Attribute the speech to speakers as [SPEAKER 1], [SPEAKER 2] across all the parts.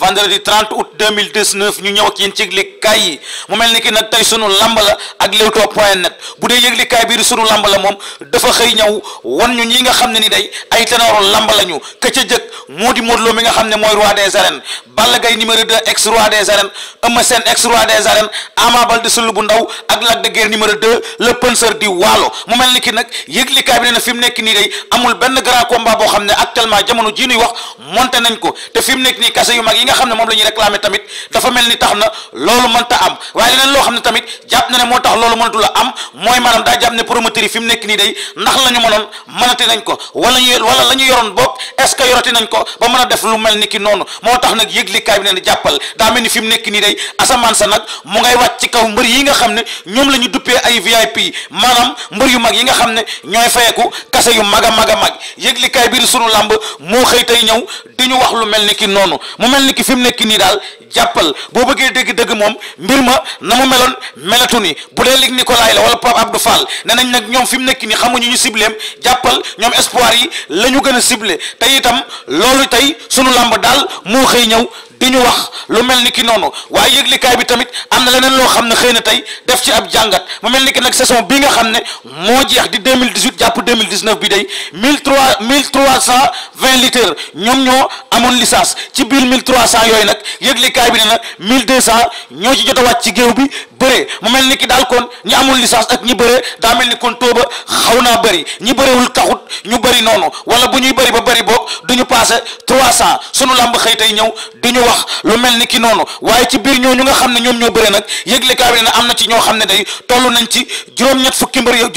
[SPEAKER 1] vendredi 30 août 2019 ñu ñëw ak yéen ci yëglikaay yi mu mel ni ki nag tey sunu la ak di sunu mi nga xam ne mooy roi des arènes Balla Gaye numéro 2 ex roi des arènes Eumeu Sène ex roi des arènes Ama bi nee na fi nii day amul benn grand combat boo xam ne actuellement jamono jii nuy wax monté nañ ko te fi mu nii kase yu mag yi nga xam ne moom la ñuy réclamer tamit dafa mel ni tax na loolu mënta am waaye leneen loo xam ne tamit jàpp ne moo tax loolu mënatu la am mooy maanaam daa jàpp ne promoteur yi fi nii day ndax la la ñu yoroon bopp est ce que yorati nañ ko ba mën a moo tax nag yëglikaay bi ne jàppal daa mel ni fi mu nekk nii day asamaan sa nag mu ngay wàcc kaw mbër yi nga xam ne ñoom la ñu duppee ay VIP maanaam mbër yu mag yi nga xam ne ñooy fayeku kase yu mag a mag a mag yëglikaay biir sunu làmb moo xëy tey ñëw di ñu wax ki noonu mu mel ni ki fi mu nekk nii daal jàppal boo bëggee dégg dëgg moom mbir ma na mu meloon melatu ni bu dee lig Nicolas la wala Pape Abdou Fall ne nañ nag ñoom fi mu nekk nii xamuñu ñu cibleem jàppal ñoom espoir yi la ñu gën a ciblé te itam loolu tey suñu làmb daal moo xëy ñëw di ñu wax lu mel ni ki noonu waaye yëglikaay bi tamit am na leneen loo xam na xëy na tey def ci ab jàngat mu mel ni ki nag saison bi nga xam ne moo jeex di 2018 jàpp 2019 bi day 1300 1320 litres ñoom ñoo amoon licence ci biir 1300 yooyu nag yëglikaay bi ne na 1200 ñoo ci jot a ci géew bi bëree mu mel ni ki daal kon ñi amul licence ak ñi bëree daa mel ni kon tóoba xaw naa bëri ñi bëriwul taxut ñu bëri noonu wala bu ñuy bëri ba bëri boog du ñu passé 300 sunu làmb xëy tey wax lu mel ni ki noonu waaye ci biir ñooñu nga xam ne ñoom ñoo bëre nag yëglekaay bi am na ci ñoo xam ne day toll nañ ci juróom-ñett fukki mbër yoo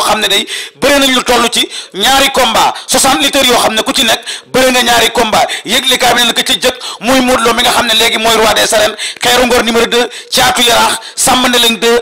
[SPEAKER 1] xam ne day bëre nañ lu toll ci ñaari combat soixante litres yoo xam ne ku ci nekk bëre na ñaari komba yëglekaay bi ne na ko ci jëkk muy Modou mi nga xam ne léegi mooy roi des arènes Kairou Ngor numéro deux Thiatou Yarakh Samba Ndeleng deux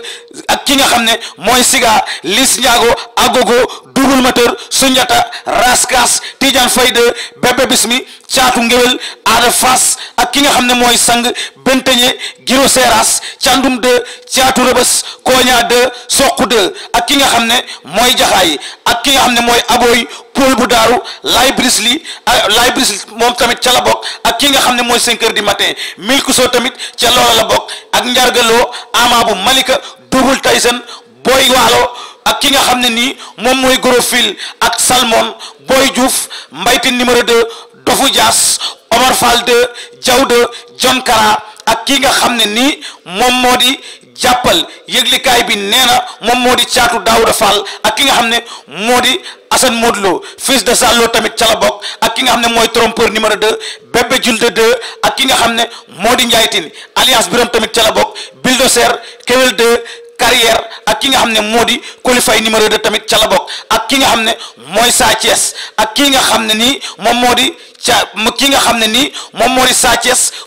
[SPEAKER 1] ak ki nga xam ne mooy Siga Liss Ndiago Agogo Google Mateur Sunjata Raskas Tidiane Fayda Bébé Bismi Caatu Ngéwél Ada Fass ak ki nga xam ne mooy sang Benteñe Giro Seras Candum de Caatu Rëbës Koña de Soq de ak ki nga xam ne mooy Jaxaay ak ki nga xam ne mooy Aboy Poul bu Daaru Lay Brisli ah, Lay Brisli moom tamit ca la bokk ak ki nga xam ne mooy cinq heures du matin Milkuso tamit ca loola la bokk ak Njargaloo Ama bu Malika Double Tyson Boy Waalo ak ki nga xam ne nii moom mooy Gorofil ak Salmon Boy Diouf mbayte numéro 2 Dofu Dias Omar Fall 2 Diaw 2 John Kara ak ki nga xam ne nii moom moo di jàppal yëglikaay bi nee na moom moo di caatu Daouda Fall ak ki nga xam ne moo di Assane Modlo fils de Sallo tamit ca bokk ak ki nga xam ne mooy trompeur numéro 2 Bébé de 2 ak ki nga xam ne moo di Njaaytin alliance Biram tamit ca la bokk Bulldozer Kewel carrière ak ki nga xam ne moo di qualifié numéro 2 tamit ca la bokk ak ki nga xam ne mooy Sa ak ki nga xam ne nii moom moo di ca ki nga xam ne nii moom moo di Sa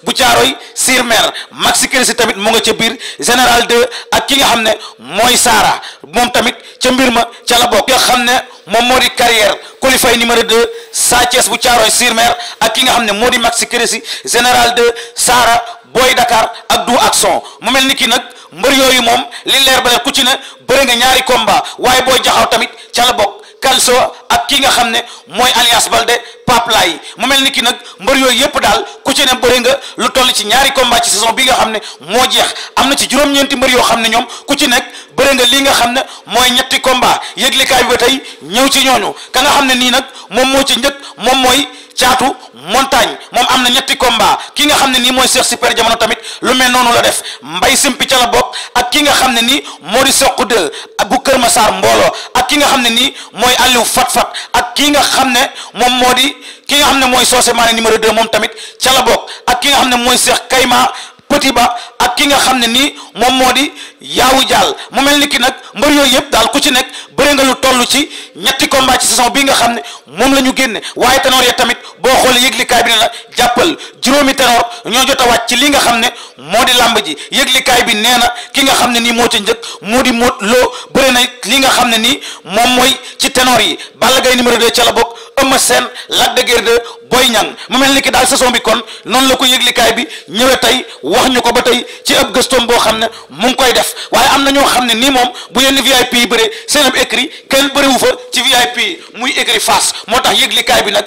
[SPEAKER 1] bu caaroy sur mer Maxi Crisi tamit mu nga ca biir général 2 ak ki nga xam ne mooy Saara moom tamit ca mbir ma ca la bokk. ki nga xam ne moom moo di carrière qualifié numéro 2 Sa Thiès bu caaroy sur mer ak ki nga xam ne moo di Maxi Crisi général 2 Saara Boy Dakar ak du action mu mel ni ki nag. mbër yooyu moom li leer ba leer ku ci ne bëri nga ñaari combat waaye booy jaxaw tamit ca la bokk Calcio ak ki nga xam ne mooy Alliance Baldé Pape Laye mu mel ni ki nag mbër yooyu yëpp daal ku ci ne bëri nga lu toll ci ñaari combat ci saison bi nga xam ne moo jeex am na ci juróom-ñeenti mbër yoo xam ne ñoom ku ci nekk bëri nga li nga xam ne mooy ñetti combat yëglikaay bi ba tey ñëw ci ñooñu ka nga xam ne nii nag moom moo ci njëkk moom mooy. caatu montagne moom am na ñetti combat kii nga xam ne nii mooy Cheikh Super jamono tamit lu mel noonu la def mbay simpi ca la bokk ak ki nga xam ne nii moo di soq de bu Kër Massar mbooloo ak ki nga xam ne nii mooy Aliou Fat Fat ak ki nga xam ne moom moo di ki nga xam ne mooy soose maane numéro de moom tamit ca la bokk ak ki nga xam ne mooy Cheikh Kayma petit ba ak ki nga xam ne nii moom moo di yaawu jàll mu mel ni ki nag mbër yooyu yëpp daal ku ci nekk bëri nga lu ci ñetti combat ci saison bi nga xam ne moom la ñu génne waaye tanoor ya tamit boo xoolee yëglikaay bi ne la jàppal juróomi ténor ñoo jot a wàcc ci li nga xam ne moo di làmb ji yëglikaay bi nee na ki nga xam ne nii moo ci njëkk moo di moo loo bëri na li nga xam ne nii moom mooy ci ténor yi Balla Gaye numéro de ca la bokk Eumeu Sène Lac de Guiers 2 Boy Niang mu mel ni ki daal saison bi kon noonu la ko yëglikaay bi ñëwee tey wax ñu ko ba tey ci ëpp gëstoom boo xam ne mu ngi koy def waaye am na ñoo xam ne nii moom bu yenn VIP yi bëree seen ab écrit kenn bëriwu fa ci VIP muy écrit fas moo tax yëglikaay bi nag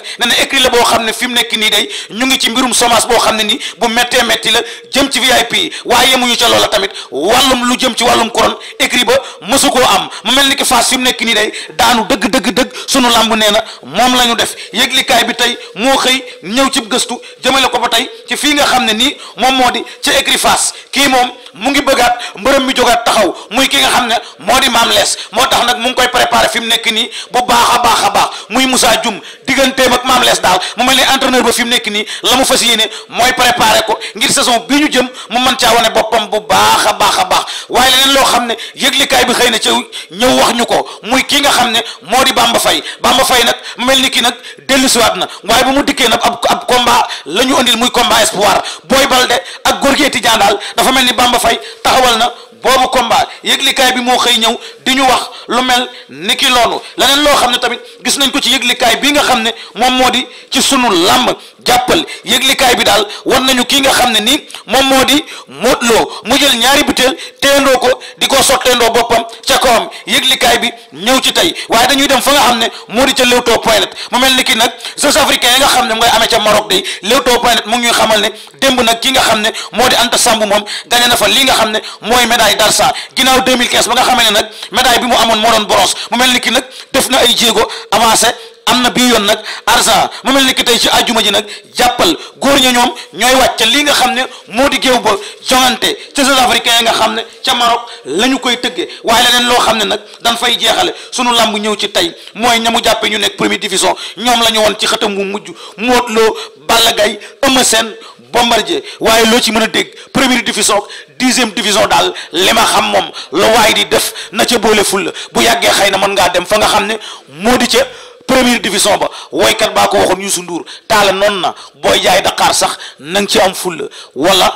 [SPEAKER 1] xam ne fi mu nekk nii day ñu ngi ci mbirum chômage boo xam ne nii bu méttee métti la jëm ci VIP yi waaye yemuñu ca la tamit wàllum lu jëm ci wàllum couronne écrit ba mësu koo am mu mel ni ki Fass fi mu nekk nii day daanu dëgg dëgg dëgg suñu làmb nee na moom lañu def yëglikaay bi tey moo xëy ñëw cib gëstu jëmale ko ba tey ci fii nga xam ne nii moom moo di ci écrit Fass kii moom mu ngi bëggaat mbërëm mi jogaat taxaw muy ki nga xam ne moo di maam lees moo tax nag mu ngi koy préparé fi mu nekk nii bu baax a baax a baax muy Moussa jum digganteem ak maam lees daal mu mel ni entraîneur ba fi mu nekk nii la mu fas yéene mooy préparé ko ngir saison bii ñu jëm mu mën caa wane boppam bu baax a baax a baax waaye leneen loo xam ne yëglikaay bi xëy na ca ñëw wax ñu ko muy kii nga xam ne moo di Bamba Faye Bamba Faye nag mel ni ki nag dellusiwaat na waaye bu mu dikkee nag ab ab combat combat la ñu andil muy combat espoir Boy Balde ak Gorgui Étudiant daal dafa mel ni Bamba Faye taxawal na boobu combat yëglikaay bi moo xëy ñëw di ñu wax lu mel ni ki loolu leneen loo xam ne tamit gis nañ ko ci yëglikaay bii nga xam ne moom moo di ci sunu làmb jàppal yëglikaay bi daal war nañu kii nga xam ne nii moom moo di Modou Lo mu jël ñaari butéel téendoo ko di ko sotteendoo boppam ca kawam yëglikaay bi ñëw ci tey waaye dañuy dem fa nga xam ne moo di ca Leewtoo point net mu mel ni ki nag Jeux africains yi nga xam ne mu ngay amee ca Maroc day Leewtoo point net mu ngi ñuy xamal ne démb nag ki nga xam ne moo di Anta Samb moom gañe na fa li nga xam ne mooy médaille d'argent ginnaaw 2015 ba nga xamee ne nag médaille bi mu amoon moo doon bronze mu mel ni ki nag def na ay jéego avancé am na bii yoon nag arsa mu a ni ki tey ci àjjuma ji nag jàppal góor ña ñoom ñooy wàcc lii nga xam ne moo di géew ba jongante ca Sud Africain yi nga xam ne ca Maroc la ñu koy tëggee waaye leneen loo xam ne nag dañ fay jeexale sunu làmb ñëw ci tey mooy ñamu jàppee ñu nekk première division ñoom la ñu woon ci xëtam wu mujj Modou Lo Balla Gaye Eumeu Sène Bombardier waaye loo ci mën a dégg première division dixième division daal li ma xam moom la waaye di def na ca boole la bu yàggee xëy na mën ngaa dem fa nga xam ne moo di ca première division ba woykat baa ko waxoon Youssou Ndour taala noonu na booy jaay Dakar sax na ci am fulla wala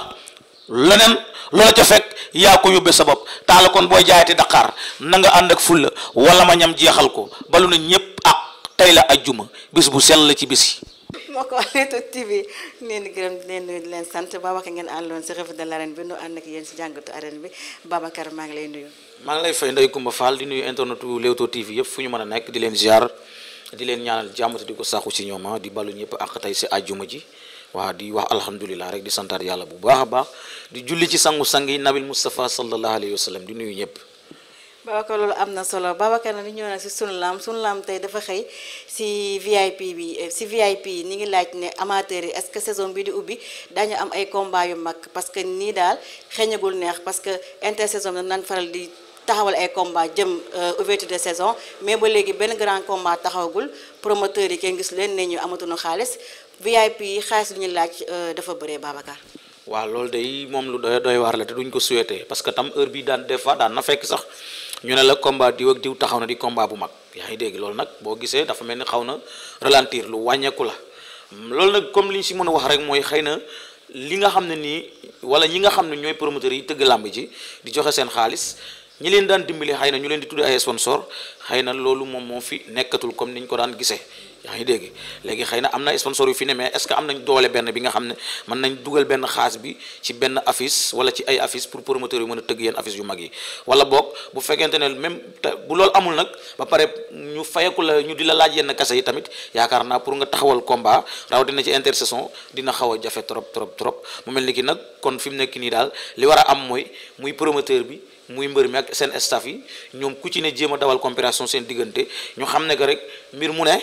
[SPEAKER 1] leneen loola ca fekk yaa ko yóbbee sa bopp taala kon booy jaayati Dakar na nga ànd ak fulla wala ma ñam jeexal ko balu na ñépp ak tey la ajjuma bis bu sell la ci bis
[SPEAKER 2] yi moo ko Leewtoo TV leen gërëm leen nuyu leen ngeen àndoon si revue de l'arène bi nu ànd ak yéen si jàngatu arène bi Babacar maa ngi lay nuyu
[SPEAKER 1] maa ngi lay fay Ndeye Coumba Fall di nuy internetu Leewtoo TV yëpp fu ñu mën a nekk di leen ziar di leen ñaanal jàmm te di ko saxu ci ñoom ah, di balu ñëpp ak tey si àjjuma ji waaw di wax alhamdulilah rek di santaat yàlla bu baax a baax di julli ci sangu-sang yi nabil Moustapha sallallahu alayhi wa sallam di nuyu ñëpp.
[SPEAKER 2] Babacar loolu am na solo Babacar nag ñu ñëw nag si sunu laam sunu dafa xëy si VIP bi si eh, VIP ñi ngi laaj ne amateurs yi est saison bi di ubbi daañu am ay combat yu mag parce que daal xeeñagul neex parce que intersaison nag nan faral taxawal ay combat jëm euh, ouverture de saison mais ba léegi benn grand combat taxawagul promoteur yi kenn gis leen ne ñu amatuñu xaalis VIP yi xaalis lu ñu laaj euh, dafa bëree Babacar.
[SPEAKER 1] waaw loolu day moom lu doy doy waar la te duñ ko souhaité parce que tam heure bi daan des fois daan na fekk sax ñu ne la combat diw ak diw taxaw na di combat bu mag yaa ngi dégg loolu nag boo gisee dafa mel ni xaw na ralentir lu wàññeeku la loolu nag comme li ñu si mën a wax rek mooy xëy na li nga xam ne nii wala ñi nga xam ne ñooy promoteurs yi tëgg làmb ji di joxe seen xaalis. ñi leen daan dimbali xëy na ñu leen di tuddee ay sponsor xëy na loolu moom moo fi nekkatul comme ñu ko daan gisee yaa ngi dégg léegi xëy na am na sponsor yu fi ne mais est-ce que am nañ doole benn bi nga xam ne mën nañ dugal benn xaas bi ci benn affiche wala ci ay affiche pour promoteur yu mën a tëgg yenn affiche yu mag yi wala boog bu fekkente ne même bu lool amul nag ba pare ñu fayeku la ñu di la laaj yenn kase yi tamit yaakaar naa pour nga taxawal combat rawatina ci intersaison dina a jafe trop trop trop mu mel ni nag kon fi mu nekk nii daal li war a am mooy muy promoteur bi muy mbër mi ak seen staff yi ñoom ku ci ne jéem dawal comparaison seen diggante ñu xam ne que rek mbir mu ne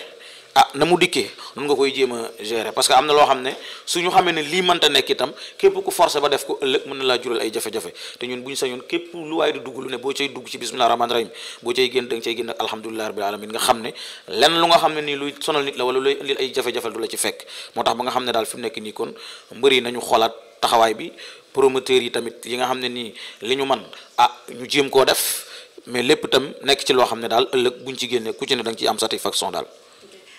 [SPEAKER 1] ah na mu dikkee nun nga koy jéem a gérer parce que am na loo xam ne su ñu xamee ne lii mënta nekk itam képp ku force ba def ko ëllëg mën na laa jural ay jafe-jafe te ñun bu ñu sañoon képp lu waaye di dugg lu ne boo cay dugg ci bismillah rahmaani rahim boo cay génn da nga cay génn ak alhamdulilah rabbil alamin nga xam ne lenn lu nga xam ne nii luy sonal nit la wala luy indil ay jafe du la ci fekk moo tax ba nga xam ne daal fi mu nekk nii kon mbër yi nañu xoolaat taxawaay bi promoteurs yi tamit yi nga xam ne nii li ñu man ah ñu jéem koo def mais lépp itam nekk ci loo xam ne daal ëllëg buñ ci génnee ku ne da nga ciy am satisfaction daal.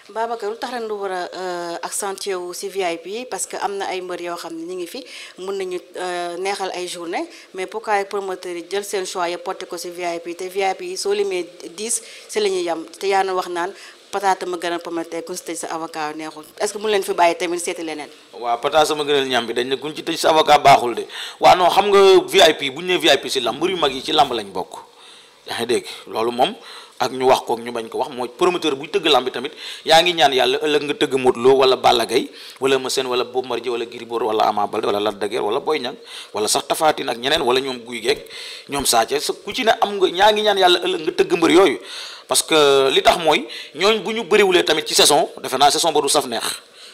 [SPEAKER 2] Babacar lu tax ren lu war a euh, accentuer wu si VIP yi parce que am na ay mbër yoo xam ne ñu ngi fi mun nañu euh, neexal ay journée mais pourquoi ay promoteurs yi jël seen choix ya porté ko si VIP te VIP yi soo limee diis si la ñuy yem te yaa na wax naan pata sama gënal pomme de terre ku si tëj sa avocat neexul est-ce que mun leen fi bàyyi tamit seeti leneen
[SPEAKER 1] waaw pata sama gënal ñam dañ ne kuñ ci tëj sa avocat baaxul de waaw non xam nga VIP bu ñu nee VIP si lamb mbër yu mag yi ci lamb lañ bokk yaa ngi dégg loolu moom ak ñu wax ko ak ñu bañ ko wax mooy promoteur buy tëgg lamb bi tamit yaa ngi ñaan yàlla ëllëg nga tëgg Modou Lo wala Balla Gaye wala Eumeu Sène wala Bombardier wala Gris Bordeaux wala Ama Baldé wala Lac de Guiers wala Boy Niang wala sax Tapha Tine ak ñeneen wala ñoom Gouye Gui ak Sa ku ci ne am nga ñaa ngi ñaan yàlla ëllëg nga tëgg mbër yooyu parce que li tax mooy ñooñ bu bëriwulee tamit ci saison defe naa saison ba du saf neex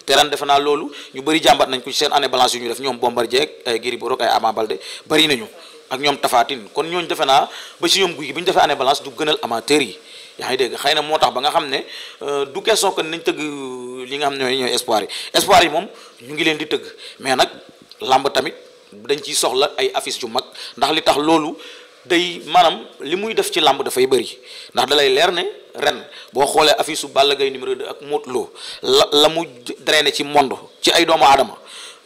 [SPEAKER 1] te ren defe naa loolu ñu bëri jàmbat nañ ko ci seen année balance yu ñu def ñoom Bombardier ak ay Gris Bordeaux ay Ama bari bëri nañu ak ñoom tafaatin kon ñooñu defe naa ba ci ñoom guy gi bi ñu defee année balance du gënal amateur yi yaa ngi dégg xëy na moo tax ba nga xam ne euh, du question nañ tëgg euh, li nga xam ne ñooy espoir yi espoir yi moom ñu ngi leen di tëgg mais nag làmb tamit dañ ciy soxla ay affiches yu mag ndax li tax loolu day maanaam li muy def ci làmb dafay bëri ndax dalay leer ne ren boo xoolee affiche su Balla Gaye numéro 2 ak Modou Lo la la mu deree drainer ci monde ci ay doomu aadama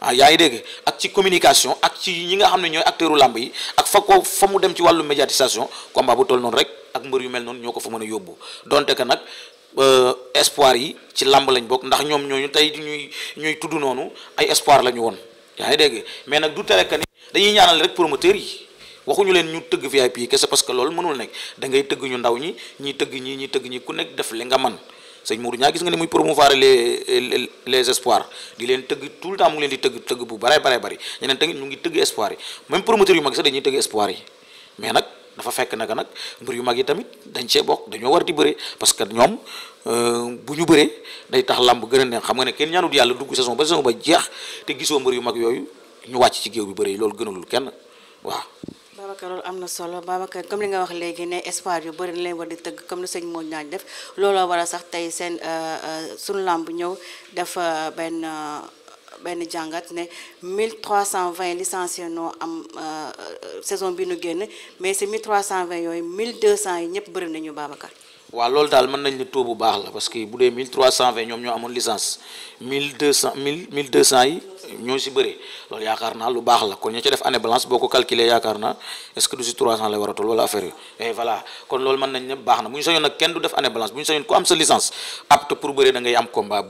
[SPEAKER 1] ah yaa ngi dégg ak ci communication ak ci ñi nga xam ne ñooy acteuru làmb yi ak fa ko fa mu dem ci wàllu médiatisation combat bu toll noonu rek ak mbër yu mel noonu ñoo ko fa mën a yóbbu donte que nag euh, espoir yi ci làmb lañ bokk ndax ñoom ñooñu tey ñuy ñuy tudd noonu ay espoir la ñu woon yaa ngi dégg mais nag du tere que ni dañuy ñaanal rek promoteur yi waxuñu leen ñu tëgg VIP kese parce que loolu mënul nekk da ngay tëgg ñu ndaw ñi ñi tëgg ñi ñi tëgg ñi ku nekk def li nga man sëñ Mourou ñaa gis nga ne muy promouvoir les les espoirs di leen tëgg tout le temps mu ngi leen di tëgg tëgg bu bare bare bari ñeneen tamit mu ngi tëgg espoir yi même promoteur yu mag sax dañuy tëgg espoir mais nag dafa fekk naka nag mbir yu mag yi tamit dañ cee bokk dañoo war di bëre parce que ñoom euh, bu ñu bëree day tax làmb gën a neex xam nga ne kenn ñaanut yàlla dugg saison ba saison ba jeex te gisoo mbir yu mag yooyu ñu wàcc ci géew bi bëree loolu gënalul kenn waaw
[SPEAKER 2] Babacar loolu am na solo Babacar comme li nga wax léegi ne espoir yu bëri na leen war di tëgg comme ni sëñ moo ñaañ def looloo war sax tey seen euh, euh, sunu làmb ñëw dafa euh, benn benn jàngat ne cent vingt 1320 licenciés noo am saison bi nu génn mais si 1320 yooyu 1200 yi ñëpp bëri nañu Babacar.
[SPEAKER 1] waaw loolu daal mën nañ ne taux bu baax la parce que bu dee 1320 ñoom ñoo amoon licence 1200 1000 1200 yi ñoo si bëri loolu yaakaar naa lu baax la kon ña ci def année blanche boo ko calculer yaakaar naa est-ce que du si 300 lay war a toll wala affaire yi et voilà kon loolu mën nañ ne baax na bu ñu sañoon nag kenn du def année blanche bu ñu sañoon ku am sa licence apte pour bëri da ngay am combat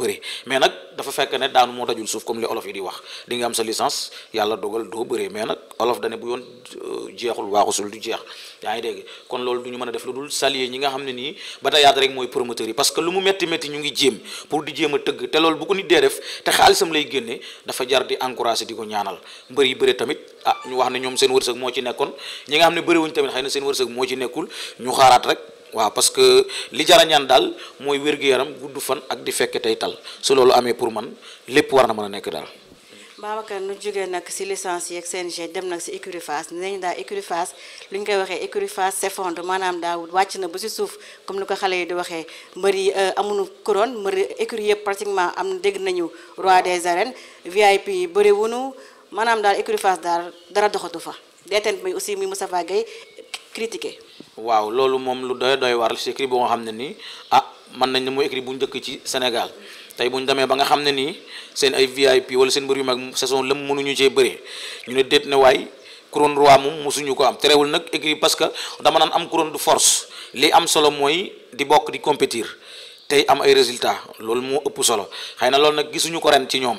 [SPEAKER 1] mais dafa fekk ne daanu moo dajul suuf comme li olof yi di wax di nga am sa licence yàlla dogal doo bëree mais nag olof dane bu yoon euh, jeexul waaxusul du jeex yaa ngi dégg kon loolu du ñu mën a def lu dul salier ñi nga xam ne nii ba tayaat rek mooy promoteurs yi parce que lu mu métti métti ñu ngi jéem pour di jéem a tëgg te lool bu ko nit dee def te xaalisam lay génne dafa jar di encourager di ko ñaanal mbër yi bëre tamit ah ñu wax ne ñoom seen wërsëg moo ci nekkoon ñi nga xam ne bëriwuñ tamit xëy na seen wërsëg moo ci nekkul ñu xaaraat rek waaw parce que li jara ñaan daal mooy wér-gu-yaram gudd fan ak di fekke tey tal su loolu amee pour man lépp war na mën a nekk daal.
[SPEAKER 2] Babacar nu jógee nag si licence yeeg CNG dem nag si écurie Fass nee daal écurie li lu ñu koy waxee écurie Fass s'effondre maanaam daa wàcc na ba si suuf comme ni ko xale yi di waxee mbër yi euh, amuñu couronne mbër écurie yëpp pratiquement am dégg nañu roi des arènes VIP yi bëri wunu maanaam daal écurie Fass daal dara doxatu fa. deeteen bi aussi muy Moustapha Gueye critiqué.
[SPEAKER 1] waaw loolu moom lu doy doy waar si écrit boo nga xam ne nii ah mën nañ ne mooy écrit bu njëkk ci Sénégal tey bu ñu demee ba nga xam ne nii seen ay VIP wala seen mbër yu mag saison lëm mënuñu cee bëree ñu ne déet ne waay couronne roi moom mosuñu ko am terewul nag écrit parce que dama naan am couronne du force li am solo mooy di bokk di compétir tey am ay résultats loolu moo ëpp solo xëy na loolu nag gisuñu ko ren ci ñoom.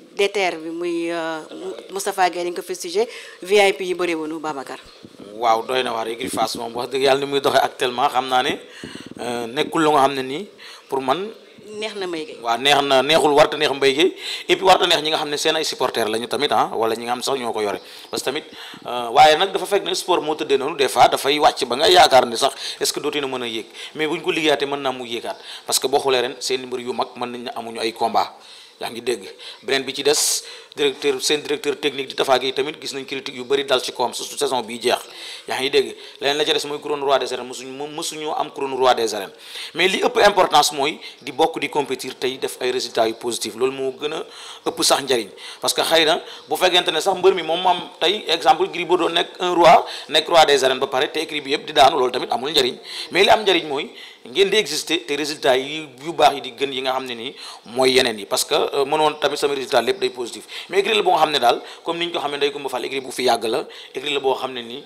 [SPEAKER 2] DTR bi muy euh, Moustapha Guèye dañ ko fi sujet VIP yi bëri woonu Babacar.
[SPEAKER 1] waaw doy na waar wax dëgg yàlla ni muy doxee actuellement xam naa ne euh, nekkul lu nga xam nii pour man.
[SPEAKER 2] neex na na neexul
[SPEAKER 1] warta neex Mbaye Guèye et puis warta neex ñi nga xam ne seen ay supporters ah, euh, moo tëddee noonu dafay wàcc ba nga yaakaar ne sax est-ce que dootina mën a yéeg mais buñ ko liggéeyaatee mën naa mu yéegaat parce que boo xoolee ren seen mbir yu mag mën amuñu ay combat yaa ngi dégg beneen bi ci des directeur seen directeur technique di Tafa Gueye tamit gis nañ critique yu bëri dal ci koom su saison bii jeex yaa ngi dégg leneen la ca des mooy couronne roi des arènes mosuñu mosuñu roi des arènes mais li ëpp importance mooy di bokk di compétir tey def ay résultats yu positif loolu moo gën a ëpp sax njariñ parce que xëy na bu fekkente ne sax mbër mi moom am tey exemple Gris doo nekk un roi nekk roi des arènes ba pare te écrit bi yëpp di daanu loolu tamit amul njariñ mais li am njariñ mooy ngeen di exister te résultats yi yu baax yi di gën yi nga xam ne nii mooy yeneen yi parce que euh, mënoon tamit sama résultat lépp day positif xam ne daal comme ni ñu ko xam ne day boo xam ne nii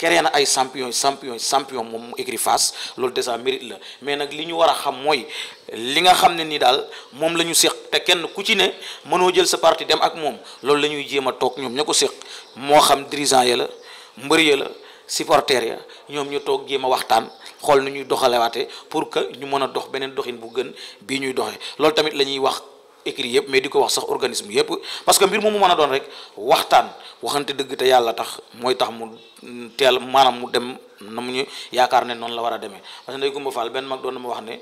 [SPEAKER 1] créé na ay champion champion champion moom mu écrit face loolu déjà mérite la mais nag li ñu war a xam mooy li nga xam ne ni daal moom la ñu séq te kenn ku ci ne mënoo jël sa partie dem ak moom loolu la ñuy jéem a toog ñoom ñu ko séq moo xam dirigeant ya la mbër ya la supporter ya ñoom ñu toog jéem a waxtaan xool nu ñuy doxalewaate pour que ñu mën a dox beneen doxin bu gën bii ñuy doxee loolu tamit la ñuy wax écrit yëpp mais di ko wax sax organisme yëpp parce que mbir moomu mën a doon rek waxtaan waxante dëgg te yàlla tax mooy tax mu teel maanaam mu dem na mu ñu yaakaar ne noonu la war a demee parce que Ndeye Coumba Fall benn mag doon na ma wax ne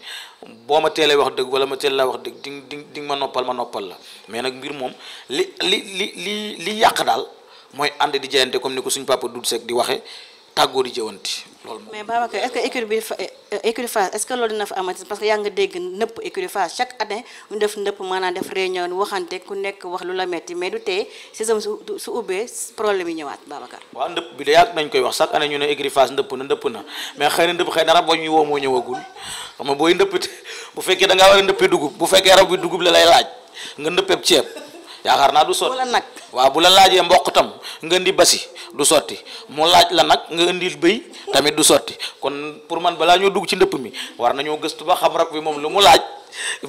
[SPEAKER 1] boo ma teelee wax dëgg wala ma teel laa wax dëgg di di di ma noppal ma noppal la mais nag mbir moom li li li li li yàq daal mooy ànd di jaayante comme ni ko suñ papa Doudou Seck di waxe tàggoo di jëwanti loolu
[SPEAKER 2] mais Babacar est-ce que écurie bi euh, est-ce que loolu dina fa amati parce que yaa nga dégg nëpp écurie Fass chaque année ñu def nëpp maanaam def réunion waxante ku nekk wax lu la metti mais du tey saison su su ubbee problème yi ñëwaat Babacar waaw
[SPEAKER 1] ndëpp bi de yàgg nañ koy wax chaque année ñu ne écurie Fass ndëpp na ndëpp na mais xëy na ndëpp xëy na rab ba ñuy woo ñëwagul xam nga booy ndëppite bu fekkee da ngaa war a bu fekkee rab dugub la lay laaj nga ndëppeeb ceeb yaakaar naa du sotti wala nag waaw bu la laajee mboq tam nga indi basi du sotti mu laaj la nag nga indil bëy tamit du sotti kon pour man balaa ñoo dugg ci ndëpp mi war nañoo gëstu ba xam rab bi moom lu mu laaj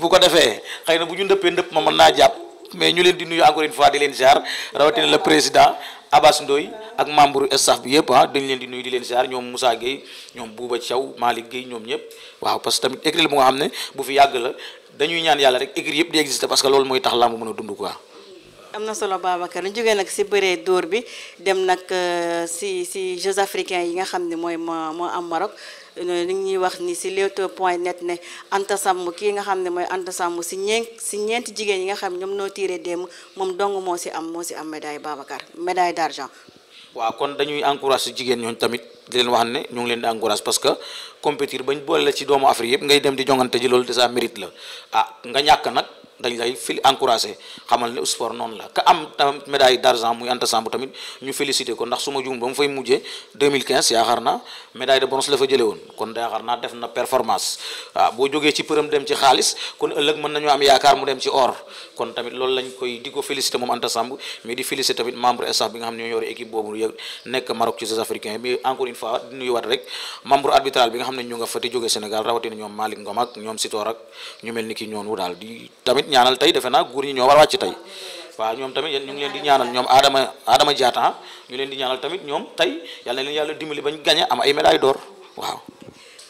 [SPEAKER 1] bu ko defee xëy na bu ñu ndëppee ndëpp ma mën naa jàpp mais ñu leen di nuyu encore une fois di leen ziar rawatina le président Abass Ndoye ak membre ah, leen di nuyu di leen ziar ñoom Moussa Gueye ñoom Bouba Thiaw Malick Gueye ñoom ñëpp waaw parce que tamit écrit bu nga xam ne bu fi yàgg la dañuy ñaan yàlla rek écrit yëpp di exister parce que loolu mooy tax làmb mën a dund ko
[SPEAKER 2] am na solo Babacar ñu jógee nag si bëree dóor bi dem nag euh, si si Jeux africains yi nga xam ne mooy moo moo am Maroc li ñuy wax ni si Leewtoo point net ne Anta Samb kii nga xam ne mooy Anta Samb si ñeen si ñeenti jigéen yi nga xam ñoom noo tiiree démb moom dong moo si am moo si am médaille Babacar médaille d' argent. waaw
[SPEAKER 1] kon dañuy encouragé jigéen ñooñu tamit di leen wax ne ñoo ngi leen di encouragé parce que compétir bañ boole la ci doomu Afrique yëpp ngay dem di jongante ji loolu déjà mérite la ah nga ñàkk nag. dañ lay fili xamal ne sport noonu la ka am tam médaille d'argent muy Anta Samb tamit ñu félicité ko ndax su ma juum ba mu fay mujjee 2015 naa médaille de bronze la fa jëlee woon kon yaakaar naa def na performance waaw boo jógee ci përëm dem ci xaalis kon ëllëg mën nañoo am yaakaar mu dem ci or kon tamit loolu lañ koy di ko moom Anta Samb mais di félicité tamit membre staff bi nga xam ne ñoo yore équipe boobu nekk Maroc ci Jeux africains ñaanal tey defe naa góor ñi ñoo war a wàcc tey waaw ñoom tamit yéen ñu ngi leen di ñaanal ñoom Adama Adama Diatta ñu leen di ñaanal tamit ñoom tey yàlla na leen yàlla dimbali bañ gañe am ay médaille door waaw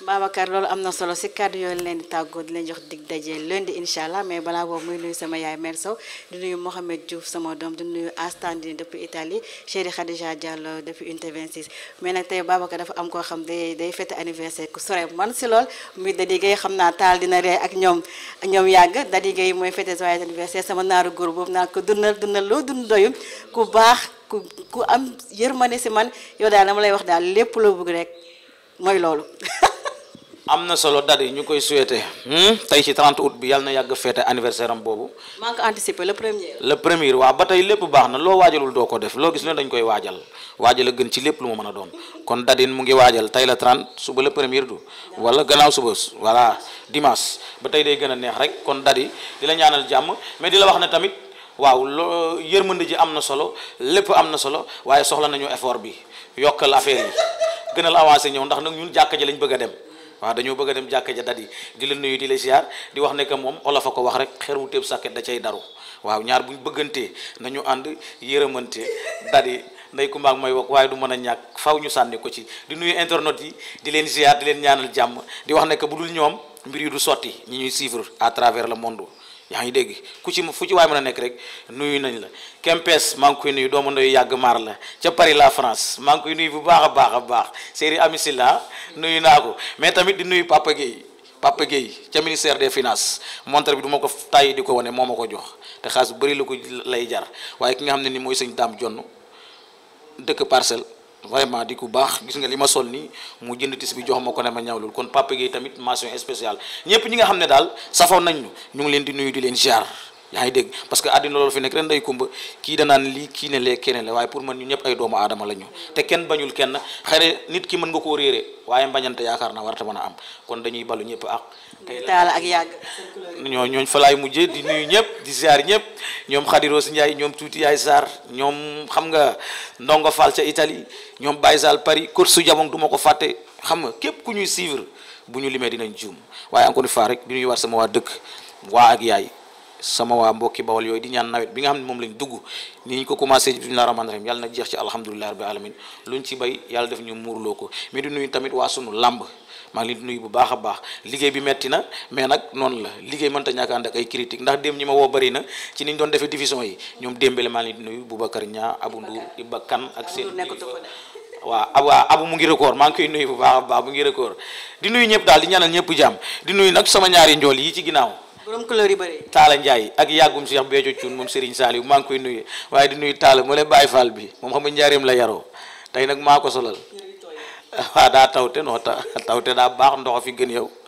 [SPEAKER 2] Babacar loolu am na solo si kàddu yooyu leen di tàggoo di jox dig daje lundi incha allah mais balaa boobu muy nuyu sama yaay Mère Sow di nuyu Mohamed Diouf sama doom di nuyu Astandine depuis Italie chérie Khadija Diallo depuis unité 26. mais nag tey Babacar dafa am koo xam day day fête anniversaire ku sore man si lool muy Dadi Gueye xam naa taal dina ree ak ñoom ñoom yàgg Dadi Gueye mooy fête joyeux anniversaire sama naaru góor boobu naa ko dundal dundal loo dund doyum ku baax ku ku am yërmande si man yow daal dama lay wax daal lépp loo bëgg rek mooy loolu. am na
[SPEAKER 1] solo date yi ñu koy souhaité hmm? tey ci 30 août bi yàlla na yàgg fête anniversaire am boobu.
[SPEAKER 2] maa ngi ko anticipé le
[SPEAKER 1] premier. ba tey lépp baax na loo waajalul doo ko def loo gis ne dañ koy waajal waajal a gën ci lépp lu mu mën a doon kon date mu ngi waajal tey la 30 suba la premier du wala gannaaw suba voilà dimanche ba tey day gën a neex rek kon date yi di la ñaanal jàmm mais di la wax na tamit. waaw loo yërmande ji am na solo lépp am na solo waaye soxla nañu effort bi yokkal affaire yi gënal ñëw ndax nag ñun jàkka ji lañ bëgg a dem waaw dañoo bëgg a dem jàkka ja dat yi di la nuyu di la ziar di wax ne que moom olof a ko wax rek xer wu téeb sàkket da cay daru waaw ñaar bu ñu bëggantee nañu ànd yërëmante dat yi nday ku mbaag may wax waaye du mën a ñàkk faw ñu sànni ko ci di nuyu internet yi di leen ziar di leen ñaanal jàmm di wax ne que bu dul ñoom mbir yi du sotti ñi ñuy suivre à travers le monde yaa ngi dégg ku ci fu ci waay man a nekk rek nuyu nañ la Kempes maa ngi koy nuyu doomu ndoyu yàgg maar la ca Paris la France maa nuyu bu baax a baax a baax Serigne Amy Sylla nuyu naa ko mais tamit di nuyu Papa Guèye Papa Guèye ca ministère des finance montre bi duma ma ko tàyyi di ko wane moo ma ko jox te xaalis bu bëri la ko lay jar waaye ki nga xam ne ni mooy sëñ Dame Jonn dëkk parcelle vraiment di ku baax gis nga li ma sol nii mu jënd tis bi jox ma ko ne ma ñawlul kon Papa Gueye tamit mention spéciale ñëpp ñi nga xam ne daal safoon nañ ñu ñu ngi leen di nuyu di leen ziar. yaa ngi dégg parce que àddina loolu fi nekk ren day kumba kii danaan lii kii ne lee keneen la waaye pour man ñu ñëpp ay doomu aadama la te kenn bañul kenn xëy nit ki mën nga koo réere waaye mbañante yaakaar na war warta mën a am kon dañuy balu ñëpp ak taala ak yàgg ñoo ñooñ fa laay mujjee di nuyu ñëpp di ziar ñëpp ñoom xadiroo si Njaay ñoom tuuti yaay Sarr ñoom xam nga ndongo Fall ca Italie ñoom Baye Sall Paris kër su jamono du ma ko fàtte xam képp ku ñuy suivre bu ñu limee dinañ juum waaye encore une fois rek di nuyu war sama waa dëkk waa ak yaay sama waa mbokki bawal yooyu di ñaan nawet bi nga xam ne moom lañ dugg ni ñu ko commencé bismillah rahmaani rahim yàlla na jeex ci alhamdulillahi rabbil alamin luñ ci bay yàlla def ñu muurloo ko mais di nuyu tamit waa sunu làmb maa ngi leen nuyu bu baax a baax liggéey bi metti na mais nag noonu la liggéey mënta ñàkk ànd ak ay ndax démb ñi ma woo bëri na ci niñ doon defee division yi ñoom démbale maa ngi leen di nuyu Boubacar Niang Abou Ndour Iba Kane ak seen waaw abu abu mu ngi record maa ngi koy nuyu bu baax a baax mu ngi record di nuyu ñëpp daal di ñaanal ñëpp jàmm di nuyu nag sama ñaari njool yi ci ginnaaw
[SPEAKER 2] borom couleur yi bëri
[SPEAKER 1] Taala Njaay ak yàggum Cheikh Béthio Thioune moom Serigne Saliou maa ngi koy nuyu waaye di nuyu Taala mu le bàyyi Faal bi moom xam nga la yaroo tey nag maa ko solal waaw daa tawte noo tawte daa baax ndox a fi gën yow